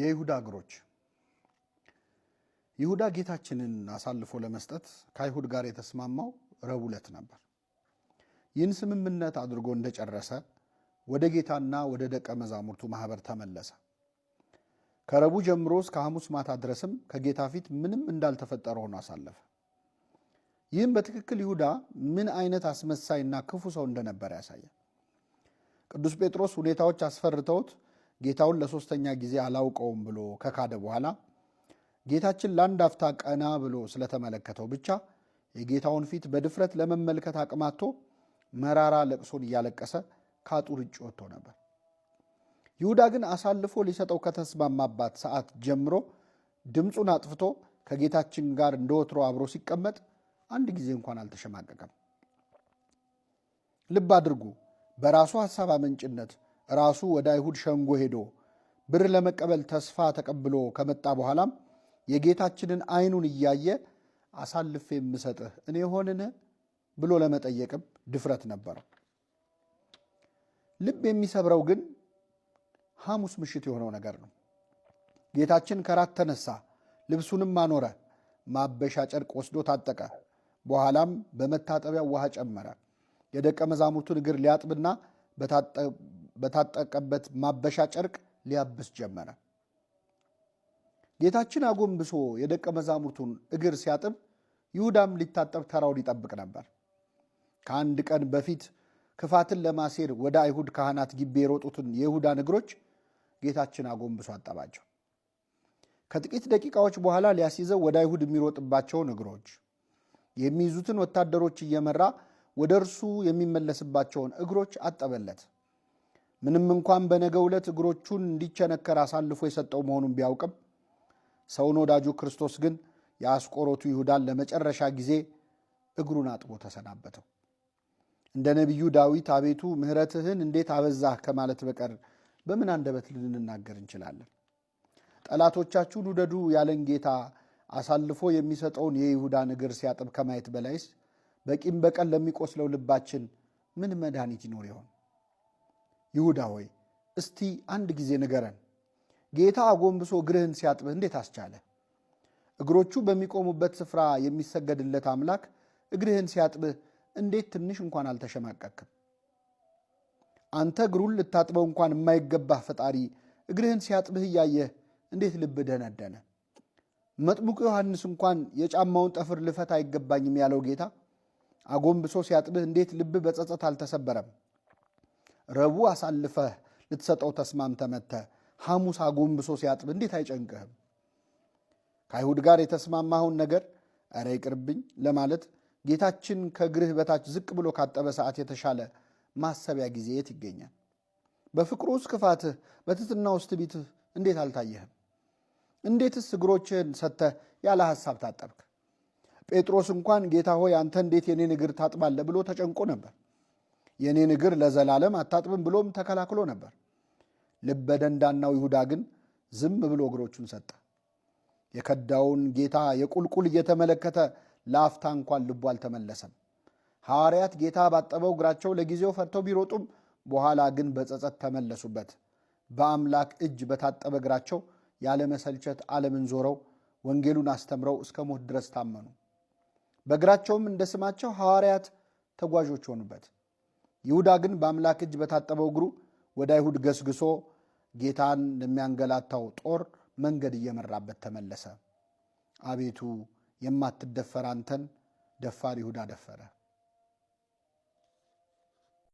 የይሁዳ እግሮች ይሁዳ ጌታችንን አሳልፎ ለመስጠት ከአይሁድ ጋር የተስማማው ረቡዕ ዕለት ነበር። ይህን ስምምነት አድርጎ እንደጨረሰ ወደ ጌታና ወደ ደቀ መዛሙርቱ ማኅበር ተመለሰ። ከረቡዕ ጀምሮ እስከ ሐሙስ ማታ ድረስም ከጌታ ፊት ምንም እንዳልተፈጠረ ሆኖ አሳለፈ። ይህም በትክክል ይሁዳ ምን አይነት አስመሳይና ክፉ ሰው እንደነበረ ያሳያል። ቅዱስ ጴጥሮስ ሁኔታዎች አስፈርተውት ጌታውን ለሶስተኛ ጊዜ አላውቀውም ብሎ ከካደ በኋላ ጌታችን ለአንድ አፍታ ቀና ብሎ ስለተመለከተው ብቻ የጌታውን ፊት በድፍረት ለመመልከት አቅማቶ መራራ ለቅሶን እያለቀሰ ከአጡር እጭ ወጥቶ ነበር። ይሁዳ ግን አሳልፎ ሊሰጠው ከተስማማባት ሰዓት ጀምሮ ድምፁን አጥፍቶ ከጌታችን ጋር እንደ ወትሮ አብሮ ሲቀመጥ አንድ ጊዜ እንኳን አልተሸማቀቀም። ልብ አድርጉ። በራሱ ሐሳብ አመንጭነት ራሱ ወደ አይሁድ ሸንጎ ሄዶ ብር ለመቀበል ተስፋ ተቀብሎ ከመጣ በኋላም የጌታችንን አይኑን እያየ አሳልፌ የምሰጥህ እኔ ሆንን ብሎ ለመጠየቅም ድፍረት ነበረው። ልብ የሚሰብረው ግን ሐሙስ ምሽት የሆነው ነገር ነው። ጌታችን ከራት ተነሳ፣ ልብሱንም አኖረ፣ ማበሻ ጨርቅ ወስዶ ታጠቀ። በኋላም በመታጠቢያው ውሃ ጨመረ። የደቀ መዛሙርቱን እግር ሊያጥብና በታጠቀበት ማበሻ ጨርቅ ሊያብስ ጀመረ። ጌታችን አጎንብሶ የደቀ መዛሙርቱን እግር ሲያጥብ ይሁዳም ሊታጠብ ተራውን ይጠብቅ ነበር። ከአንድ ቀን በፊት ክፋትን ለማሴር ወደ አይሁድ ካህናት ግቢ የሮጡትን የይሁዳን እግሮች ጌታችን አጎንብሶ አጠባቸው። ከጥቂት ደቂቃዎች በኋላ ሊያስይዘው ወደ አይሁድ የሚሮጥባቸውን እግሮች፣ የሚይዙትን ወታደሮች እየመራ ወደ እርሱ የሚመለስባቸውን እግሮች አጠበለት። ምንም እንኳን በነገ ዕለት እግሮቹን እንዲቸነከር አሳልፎ የሰጠው መሆኑን ቢያውቅም ሰውን ወዳጁ ክርስቶስ ግን የአስቆሮቱ ይሁዳን ለመጨረሻ ጊዜ እግሩን አጥቦ ተሰናበተው። እንደ ነቢዩ ዳዊት አቤቱ ምሕረትህን እንዴት አበዛህ ከማለት በቀር በምን አንደበት ልንናገር እንችላለን? ጠላቶቻችሁን ውደዱ ያለን ጌታ አሳልፎ የሚሰጠውን የይሁዳን እግር ሲያጥብ ከማየት በላይስ በቂም በቀል ለሚቆስለው ልባችን ምን መድኃኒት ይኖር ይሆን? ይሁዳ ሆይ እስቲ አንድ ጊዜ ንገረን፣ ጌታ አጎንብሶ እግርህን ሲያጥብህ እንዴት አስቻለ? እግሮቹ በሚቆሙበት ስፍራ የሚሰገድለት አምላክ እግርህን ሲያጥብህ እንዴት ትንሽ እንኳን አልተሸማቀክም? አንተ እግሩን ልታጥበው እንኳን የማይገባህ ፈጣሪ እግርህን ሲያጥብህ እያየህ እንዴት ልብ ደነደነ? መጥምቁ ዮሐንስ እንኳን የጫማውን ጠፍር ልፈት አይገባኝም ያለው ጌታ አጎንብሶ ሲያጥብህ እንዴት ልብ በጸጸት አልተሰበረም? ረቡ አሳልፈህ ልትሰጠው ተስማምተ መተ ሐሙስ አጎንብሶ ሲያጥብ እንዴት አይጨንቅህም? ከአይሁድ ጋር የተስማማኸውን ነገር ኧረ ይቅርብኝ ለማለት ጌታችን ከእግርህ በታች ዝቅ ብሎ ካጠበ ሰዓት የተሻለ ማሰቢያ ጊዜ የት ይገኛል? በፍቅሩ ውስጥ ክፋትህ፣ በትትና ውስጥ ቢትህ እንዴት አልታየህም? እንዴትስ እግሮችህን ሰጥተህ ያለ ሐሳብ ታጠብክ? ጴጥሮስ እንኳን ጌታ ሆይ አንተ እንዴት የኔን እግር ታጥባለህ ብሎ ተጨንቆ ነበር። የእኔን እግር ለዘላለም አታጥብም ብሎም ተከላክሎ ነበር። ልበ ደንዳናው ይሁዳ ግን ዝም ብሎ እግሮቹን ሰጠ። የከዳውን ጌታ የቁልቁል እየተመለከተ ለአፍታ እንኳን ልቡ አልተመለሰም። ሐዋርያት ጌታ ባጠበው እግራቸው ለጊዜው ፈርተው ቢሮጡም በኋላ ግን በጸጸት ተመለሱበት። በአምላክ እጅ በታጠበ እግራቸው ያለመሰልቸት ዓለምን ዞረው ወንጌሉን አስተምረው እስከ ሞት ድረስ ታመኑ። በእግራቸውም እንደ ስማቸው ሐዋርያት ተጓዦች ሆኑበት። ይሁዳ ግን በአምላክ እጅ በታጠበው እግሩ ወደ አይሁድ ገስግሶ ጌታን ለሚያንገላታው ጦር መንገድ እየመራበት ተመለሰ። አቤቱ የማትደፈር አንተን ደፋር ይሁዳ ደፈረ።